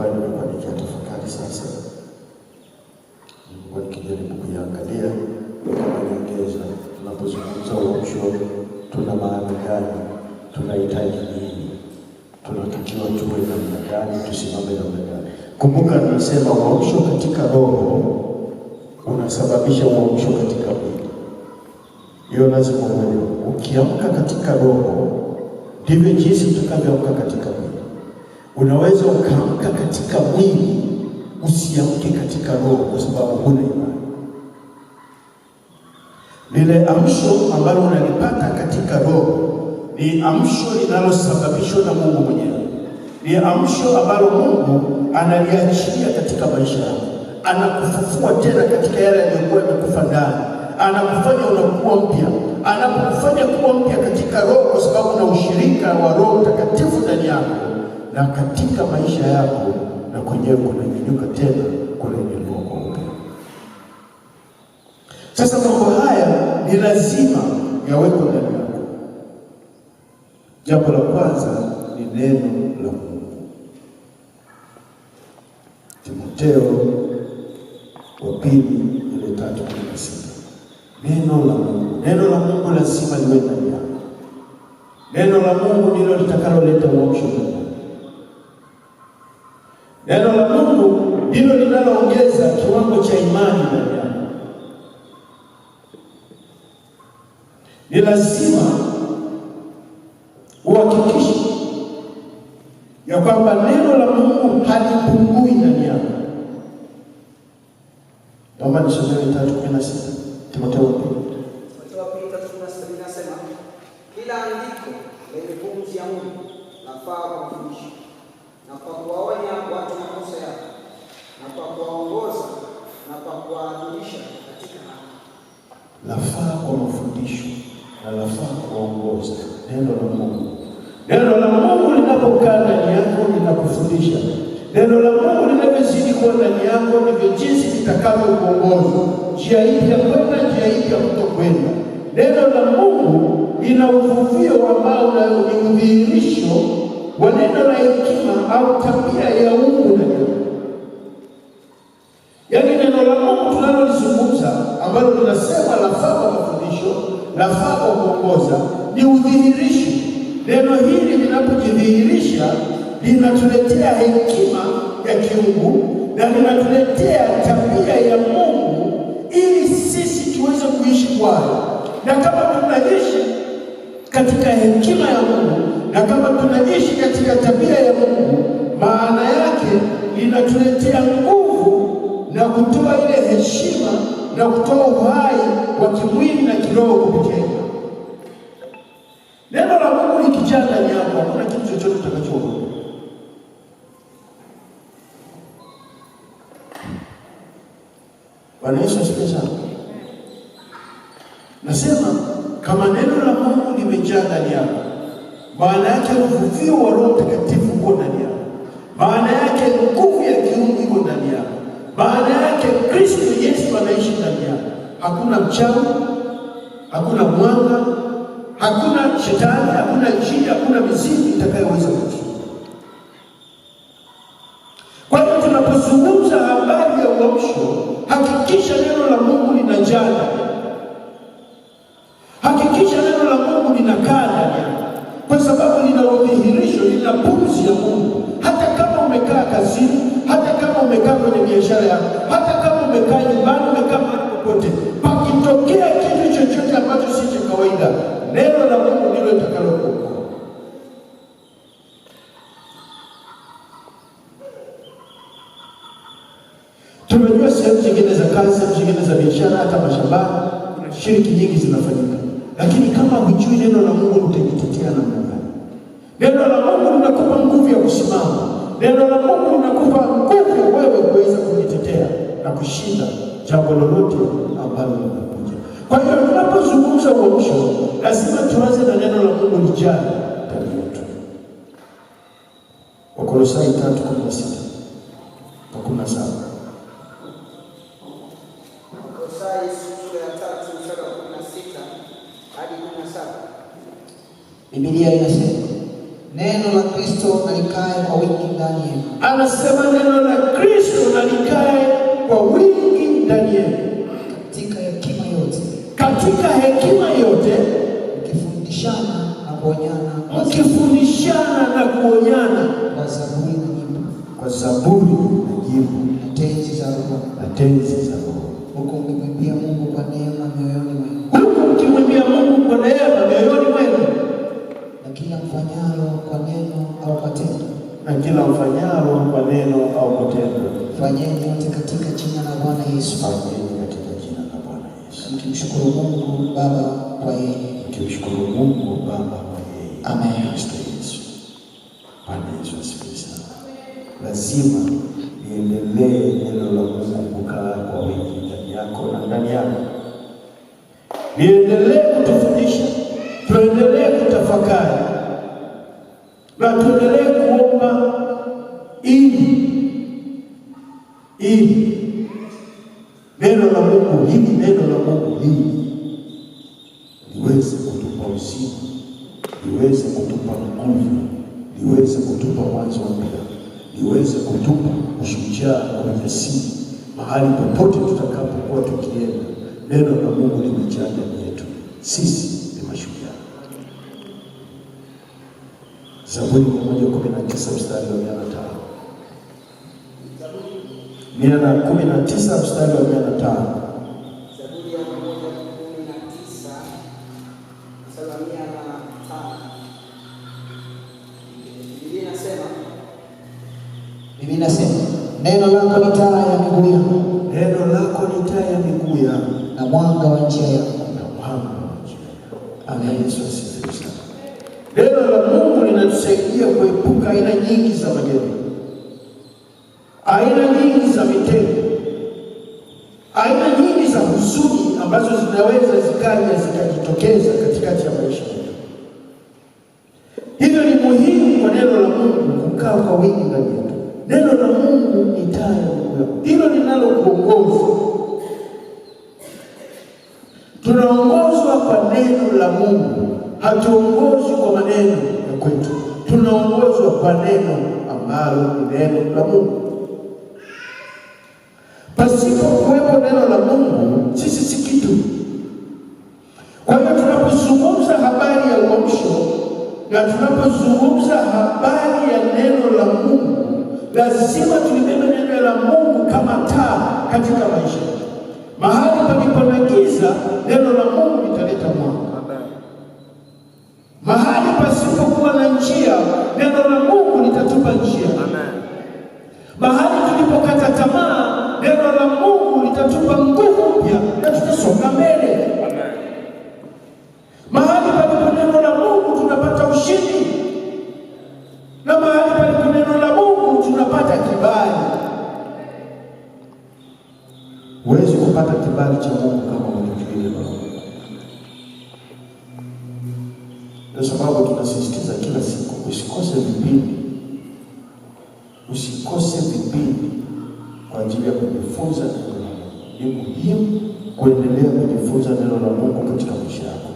ambayo nimekuwa nikiyatafakari sasa, nimekuwa nikijaribu kuyaangalia kama Tunapozungumza uamsho, tuna maana gani? Tunahitaji nini? Tunatakiwa tuwe namna gani? Tusimame namna gani? Kumbuka nasema uamsho katika roho unasababisha uamsho katika mwili. Hiyo lazima uelewe. Ukiamka katika roho ndivyo jinsi tutakavyoamka katika mwili. Unaweza ukaamka katika mwili, usiamke katika roho, kwa sababu huna imani. Lile amsho ambalo unalipata katika roho ni amsho linalosababishwa na Mungu mwenyewe, ni amsho ambalo Mungu analiachilia katika maisha yako, anakufufua tena katika yale yaliyokuwa yamekufa ndani, anakufanya unakuwa mpya, anakufanya kuwa mpya katika roho, kwa sababu na ushirika wa Roho Mtakatifu ndani yako na katika maisha yako na kwenyewe kunanyanyuka tena kunanyanyuka kwa upendo. Sasa mambo haya ni lazima yawekwe ndani yako. Jambo la kwanza ni neno la Mungu. Timoteo wa pili ile tatu kumi na sita neno la Mungu, neno la Mungu lazima liwe ndani yako. Neno la Mungu ndilo litakaloleta uamsho Neno la Mungu ndilo linaloongeza kiwango cha imani ndani yako. Ni lazima uhakikishe ya kwamba neno la Mungu halipungui ndani yako. Naomba nisome tatu kumi na sita Timotheo wa pili inasema kila andiko lenye pumzi ya Mungu lafaa kwa mafundisho na kwa kuwaonya watu makosa yao na kwa kuwaongoza na kwa kuwaadhimisha katika haki. Lafaa kwa mafundisho na lafaa kuwaongoza neno la Mungu. Neno la Mungu linapokaa ndani yako linakufundisha. Neno la Mungu linalozidi kuwa ndani yako ndivyo jinsi litakavyokuongoza njia hii ya kwenda, njia hii ya kutokwenda. Neno la Mungu lina uvuvio ambao ni udhihirisho wa neno la hekima au tabia ya Mungu na neno. Yaani neno la Mungu tunalolizungumza ambalo tunasema lafaa mafundisho, lafaa kuongoza, ni udhihirisho. Neno hili linapojidhihirisha linatuletea hekima ya kiungu na linatuletea tabia ya Mungu ili sisi tuweze kuishi kwayo, na kama tunaishi katika hekima ya Mungu na kama tunaishi katika tabia ya Mungu, maana yake linatuletea nguvu na kutoa ile heshima na kutoa uhai wa kimwili na kiroho kupitia neno la Mungu. Likijaa ndani yako, hakuna kitu chochote utakachoona. Bwana Yesu hakuna mchawi, hakuna mwanga, hakuna shetani, hakuna injini, hakuna mizimu itakayoweza kuti. Kwa hiyo tunapozungumza habari ya uamsho, hakikisha neno la Mungu linajana, hakikisha neno la Mungu linakana, kwa sababu lina udhihirisho, lina pumzi ya Mungu. Hata kama umekaa kazini, hata kama umekaa kwenye biashara yako, hata kama umekaa nyumbani, umekaa popote, pakitokea kitu chochote ambacho si cha kawaida, neno la Mungu ndilo litakalo Tumejua sehemu zingine za kazi, sehemu zingine za biashara, hata mashambani kuna shiriki nyingi zinafanyika, lakini kama hujui neno la Mungu utajitetea namna gani? Neno la Mungu linakupa nguvu ya kusimama. Neno la Mungu linakupa nguvu wewe kuweza kujitetea na kushinda jambo lolote ambalo linakuja. Kwa hiyo tunapozungumza uamsho, lazima tuanze na neno la Mungu lijali ndani yetu. Wakolosai tatu kumi na sita. zaburi na nyimbo tenzi za roho na tenzi za roho, Huko mkimwimbia Mungu kwa neema mioyoni mwenu, huko mkimwimbia Mungu kwa neema mioyoni mwenu, na kila mfanyalo kwa neno au kwa tendo, na kila mfanyalo kwa neno au kwa tendo, fanyeni yote katika jina la Bwana Yesu, fanyeni katika jina la Bwana Yesu, mkimshukuru Mungu Baba kwa yeye, mkimshukuru Mungu Baba kwa yeye. Amen. Kristo Yesu. Bwana Yesu asifiwe lazima liendelee neno la Mungu kukaa kwa wingi ndani yako na ndani yako, liendelee kutufundisha, tuendelee kutafakari na tuendelee kuomba ili ili neno la Mungu hili neno la Mungu hili liweze kutupa uzima, liweze kutupa nguvu, liweze kutupa mwanzo iweze kutupa ushujaa na ujasiri mahali popote tutakapokuwa tukienda. Neno la Mungu limejaa ndani yetu, sisi ni mashujaa. Zaburi mia moja kumi na tisa mstari wa mia na tano mia na kumi na tisa mstari wa mia na tano kulia, neno lako ni taa ya miguu yangu na mwanga wa njia yangu. Amen. Yesu asifiwe sana. Neno la Mungu linatusaidia kuepuka aina nyingi za maneno, aina nyingi za mitendo, aina nyingi za huzuni ambazo zinaweza zikaja zikajitokeza katikati ya maisha neno la Mungu. Hatuongozwi kwa maneno ya kwetu, tunaongozwa kwa neno ambalo ni neno la Mungu. Pasipo kuwepo neno la Mungu, sisi si kitu. Kwa hiyo tunapozungumza habari ya uamsho na tunapozungumza habari ya neno la Mungu, lazima tulibebe neno la Mungu kama taa katika maisha. Mahali palipo na giza, neno la Mungu litaleta mwanga. muhimu kuendelea kujifunza neno la Mungu katika maisha yako.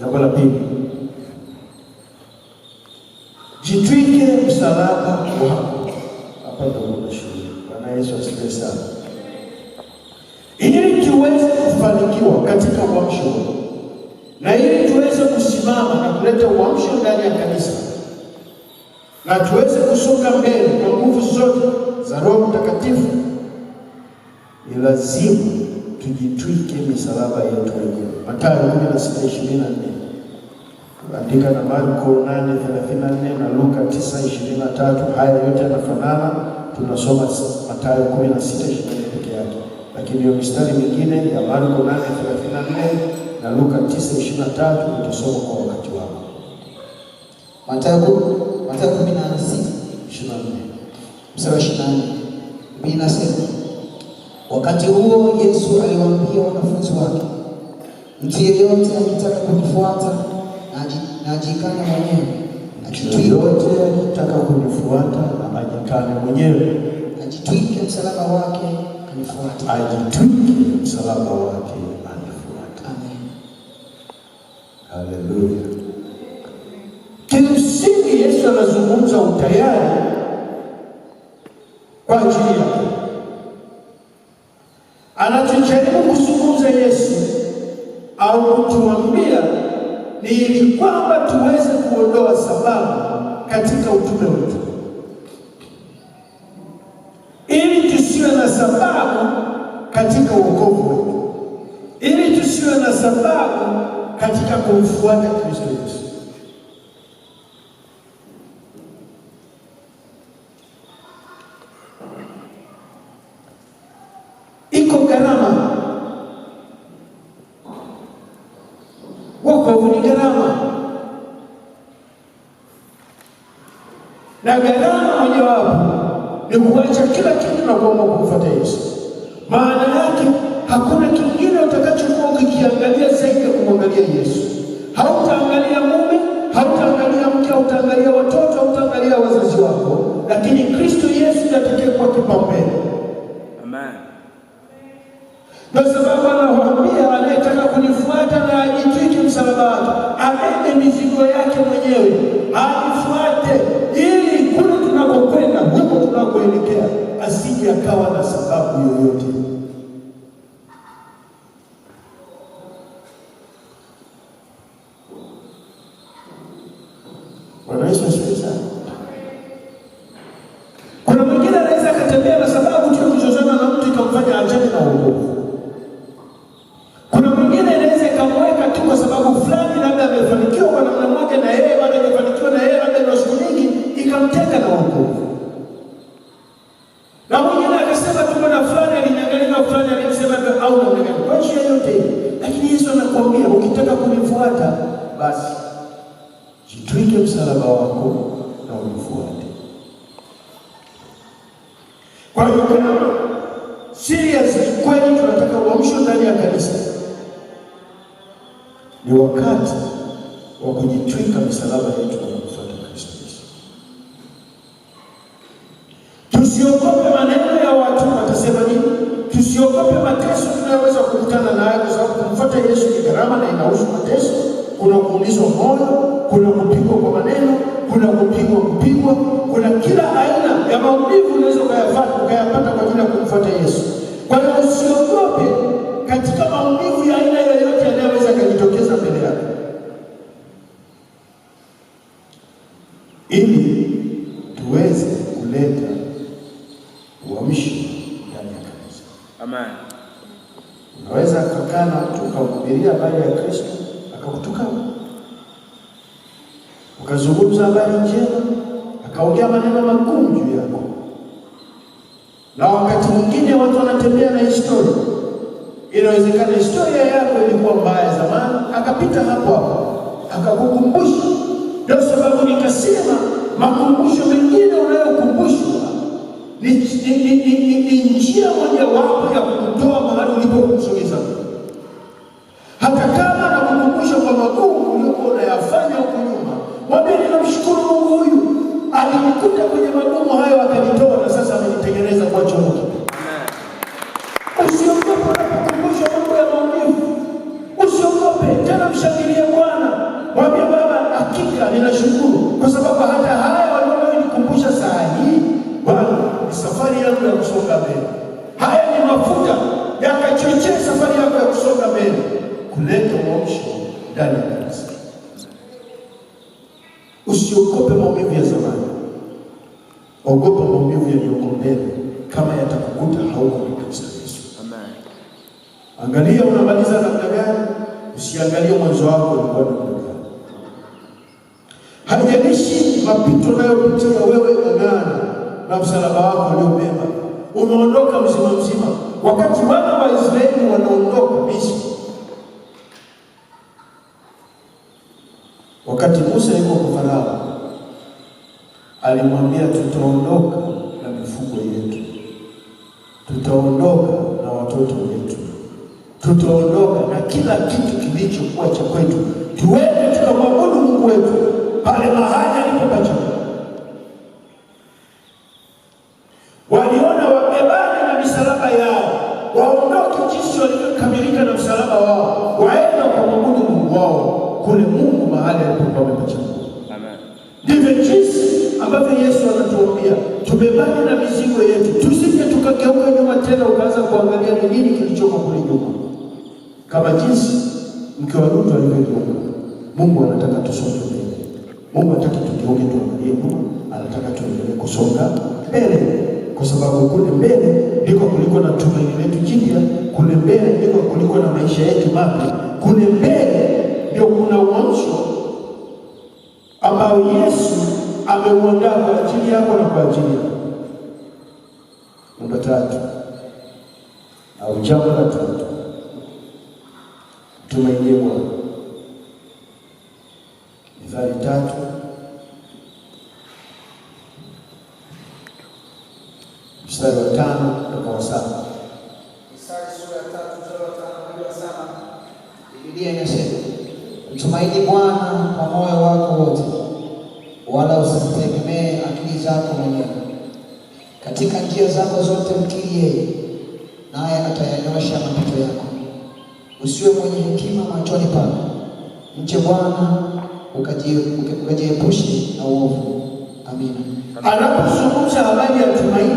Jambo la pili, jitwike msalaba wako. Hapa ndio shule. Bwana Yesu asifiwe sana. Ili tuweze kufanikiwa katika uamsho na ili tuweze kusimama na kuleta uamsho ndani ya kanisa na tuweze kusonga mbele kwa nguvu zote za Roho Mtakatifu ni lazima tujitwike misalaba yetu wenyewe. Mathayo 16:24 andika na Marko 8:34 na Luka 9:23. Haya yote yanafanana, tunasoma Mathayo 16:24 peke yake, lakini hiyo mistari mingine ya Marko 8:34 na Luka 9:23 utasoma kwa wakati wako. Mathayo Mathayo 16:24 mstari wa 24 Biblia nasema Wakati huo Yesu aliwaambia wanafunzi wake, mtu yeyote akitaka kunifuata na ajikane mwenyewe, yeyote akitaka kunifuata na ajikane mwenyewe, ajitwike msalaba wake anifuate, ajitwike msalaba wake anifuate. Amen, haleluya. Kimsingi Yesu anazungumza utayari kwa ajili ya anachojaribu kuzungumza Yesu au kutuambia ni ili kwamba tuweze kuondoa sababu katika utume wetu, ili tusiwe na sababu katika wokovu wetu, ili tusiwe na sababu katika kumfuata Kristo Yesu. na gharama mojawapo ni kuacha kila kitu na kuamua kumfuata Yesu. Maana yake hakuna kingine utakachokuwa ukikiangalia zaidi ya kumwangalia Yesu. Hautaangalia mume, hautaangalia mke, hautaangalia watoto, hautaangalia wazazi wako, lakini Kristo Yesu ndiye kwa kipaumbele. Amen. Ndio sababu anawaambia anayetaka kunifuata na ajitwike msalaba wake, abebe mizigo yake mwenyewe, kuelekea, asije akawa na sababu yoyote. kupigwa kupigwa, kuna kila aina ya maumivu unaweza ukayapata kwa ajili ya kumfuata Yesu. Kwa hiyo usiogope katika maumivu ya aina muda wako ya kutoa mahali ulipo kama yatakukuta hauko Kristo Yesu. Amen. Angalia unamaliza namna gani, usiangalie mwanzo wako ulikuwa namna gani. Haijalishi mapito unayopitia wewe unani na msalaba wako uliobeba, umeondoka mzima mzima, wakati wana wa Israeli wanaondoka Misri wakati Musa yuko kwa Farao alimwambia tutaondoka tutaondoka na watoto wetu, tutaondoka na kila kitu kilichokuwa cha kwetu, tuende tukamwabudu Mungu wetu pale mahali alipopachagua. Waliona wabebane na misalaba yao, waondoke jinsi walivyokamilika na msalaba wao, waende wakamwabudu Mungu wao kule Mungu mahali alipokuwa amepachagua. Ndivyo jinsi ambavyo Yesu anatuambia tumebaki na mizigo yetu, tusije tukageuka nyuma tena ukaanza kuangalia ni nini kilichoko kule nyuma, kama jinsi mke wa Lutu alivyoiona. Mungu anataka tusonge mbele. Mungu anataka tugeuke, tuangalie nyuma, anataka tuendelee kusonga mbele kwa sababu kule mbele ndiko kuliko na tumaini letu jipya. Kule mbele ndiko kuliko na maisha yetu mapya. Kule mbele ndio kuna uamsho ambao Yesu ameuandaa kwa ajili yako na kwa ajili yako. Namba tatu au jambo la tatu, tumainie Bwana. Mithali tatu mstari wa tano mpaka wa saba. mtumaini Bwana kwa moyo wako wote wala usitegemee akili zako mwenyewe. Katika njia zako zote mkiri yeye, naye atayanyosha mapito yako. Usiwe mwenye hekima machoni pako, mche Bwana ukajiepushe na uovu. Amina. Anapozungumza habari ya tumaini,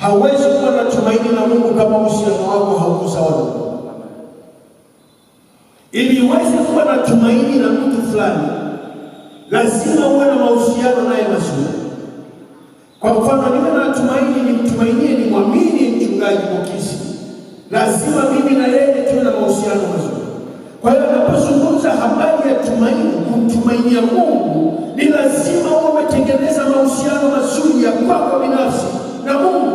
hawezi kuwa na tumaini na Mungu kama uhusiano wako haukusawa. Ili uweze kuwa na tumaini na mtu fulani lazima uwe na mahusiano naye mazuri. Kwa mfano, niwe na tumaini, nimtumainie, nimwamini mchungaji Mokisi, lazima mimi na yeye tuwe na mahusiano mazuri. Kwa hiyo napozungumza habari ya tumaini, kumtumainia Mungu, ni lazima uwe umetengeneza mahusiano mazuri ya kwako binafsi na Mungu.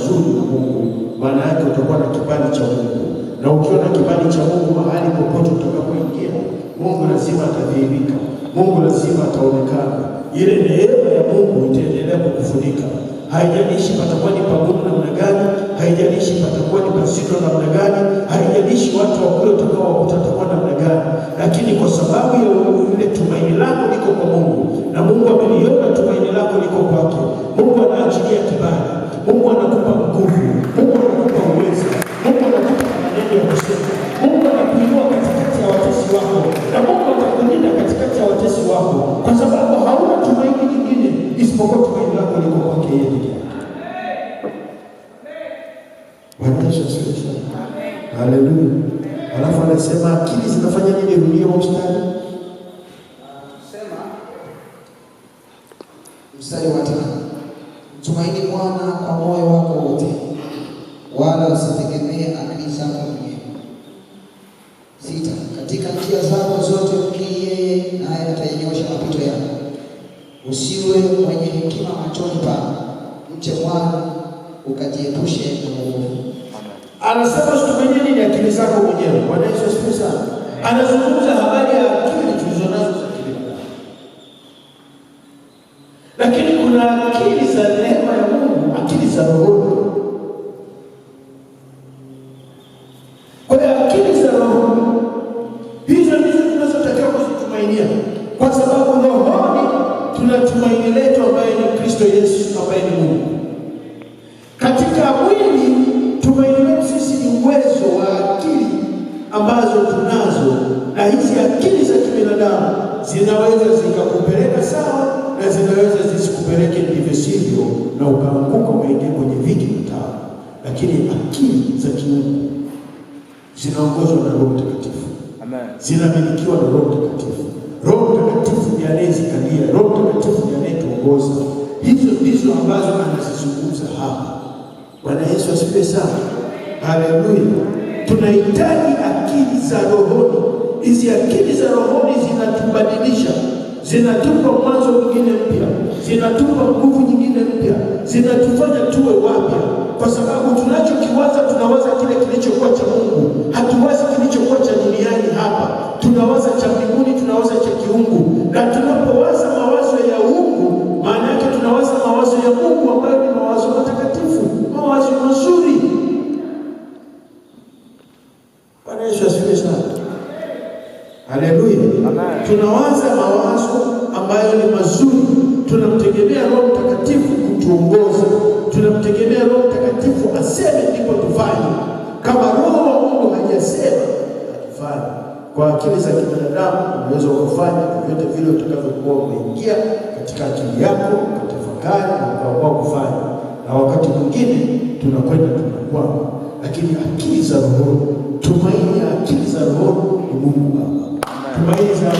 mazuri na Mungu, maana yake utakuwa na kibali cha Mungu. Na ukiwa na kibali cha Mungu, mahali popote utakapoingia, Mungu lazima atadhihirika, Mungu lazima ataonekana. Ile neema ya Mungu itaendelea kukufunika, haijalishi patakuwa ni pagumu namna gani, haijalishi patakuwa ni pasito namna gani, haijalishi watu wa kule utakaowakuta watakuwa namna gani, lakini kwa sababu ya ile tumaini lako liko kwa Mungu na Mungu ameliona tumaini lako liko kwake, Mungu anaachilia kibali Mungu anakupa nguvu, Mungu anakupa uwezo, Mungu anakupa maneno ya kusema, Mungu anakuinua katikati ya watesi wako, na Mungu atakulinda katikati ya watesi wako, kwa sababu hauna tumaini lingine isipokuwa tumaini lako liko kwake yeye Bwana Yesu asifiwe. Haleluya. Alafu anasema akili zinafanya nini? Rudia mstari Usiwe mwenye hekima machoni pa mche mwana ukajiepushe na uovu. Anasema usitumie nini akili zako mwenyewe. Bwana Yesu asifiwe sana. Anazungumza habari ya akili tulizo nazo za kilimwengu, lakini kuna akili za neema ya Mungu, akili za roho na ukaanguka ukaingia kwenye viti vitano, lakini akili za kiungu zinaongozwa na Roho Mtakatifu, zinamilikiwa na Roho Mtakatifu. Roho Mtakatifu ni anayezikalia, Roho Mtakatifu ni anayetuongoza. Hizo ndizo ambazo anazizungumza hapa. Bwana Yesu asifiwe sana, haleluya. Tunahitaji akili za rohoni. Hizi akili za rohoni zinatubadilisha zinatupa mwanzo mwingine mpya, zinatupa nguvu nyingine mpya, zinatufanya tuwe wapya, kwa sababu tunachokiwaza tunawaza kile kilichokuwa cha Mungu, hatuwazi kilichokuwa cha duniani hapa. Tunawaza cha mbinguni, tunawaza cha kiungu, na tunapowaza mawazo ya uungu, maana yake tunawaza mawazo ya Mungu ambayo ni mawazo matakatifu, mawazo mazuri. Bwana Yesu asifiwe sana haleluya. Tunawaza mawazo ambayo ni mazuri, tunamtegemea Roho Mtakatifu kutuongoza, tunamtegemea Roho Mtakatifu aseme ndipo tufanye. Kama Roho wa Mungu hajasema hatufanye. Kwa akili za kibinadamu unaweza kufanya vyote vile utakavyokuwa umeingia katika akili yako, ukatafakari ukaamua kufanya, na wakati mwingine tunakwenda tunakwama, lakini akili za Roho, tumaini ya akili za Roho ni Mungu Baba tumaini za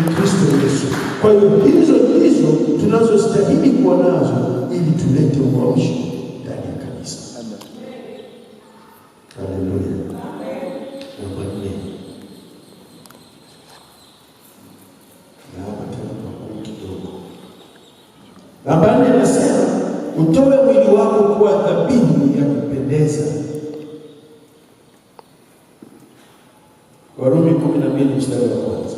ni Kristo Yesu. Kwa hiyo hizo ndizo tunazostahili kuwa nazo ili tulete uamsho ndani ya kanisa. Haleluya. Namba nne, namba nne nasema utoe mwili wako kuwa dhabihu ya kupendeza Warumi kumi na mbili mstari wa kwanza.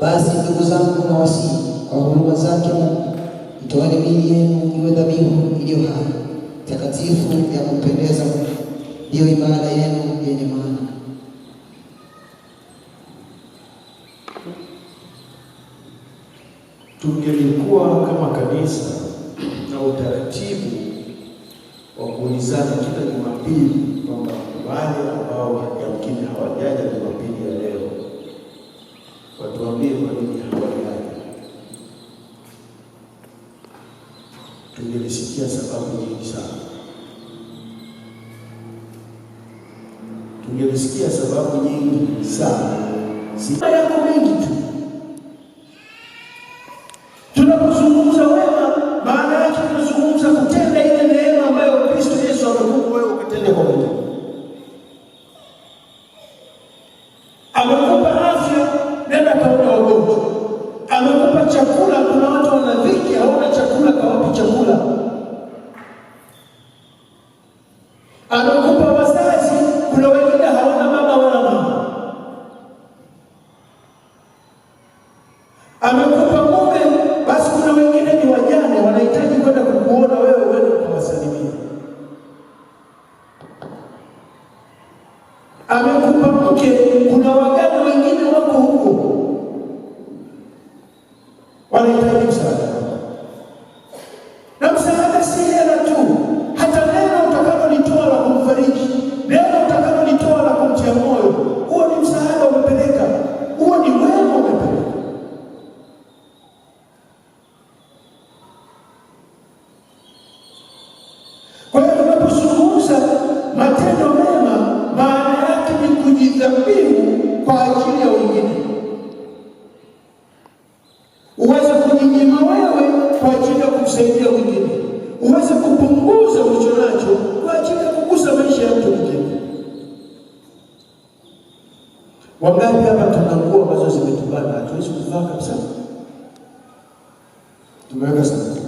Basi ndugu zangu, na wasii kwa huruma zake mtoeni mili yenu iwe dhabihu iliyo hai takatifu ya kumpendeza Mungu, ndiyo ibada yenu yenye maana. tungelikuwa kama kanisa na utaratibu wa kuulizana kila Jumapili kwamba wale ambao yamkini hawajaja Jumapili ya leo watuambie kwa nini hawajaja. Tungelisikia sababu nyingi sana, tungelisikia sababu nyingi sana, si yako mingi tu Wangapi hapa tuna nguo ambazo zimetubana, hatuwezi kuvaa kabisa, tumeweka sana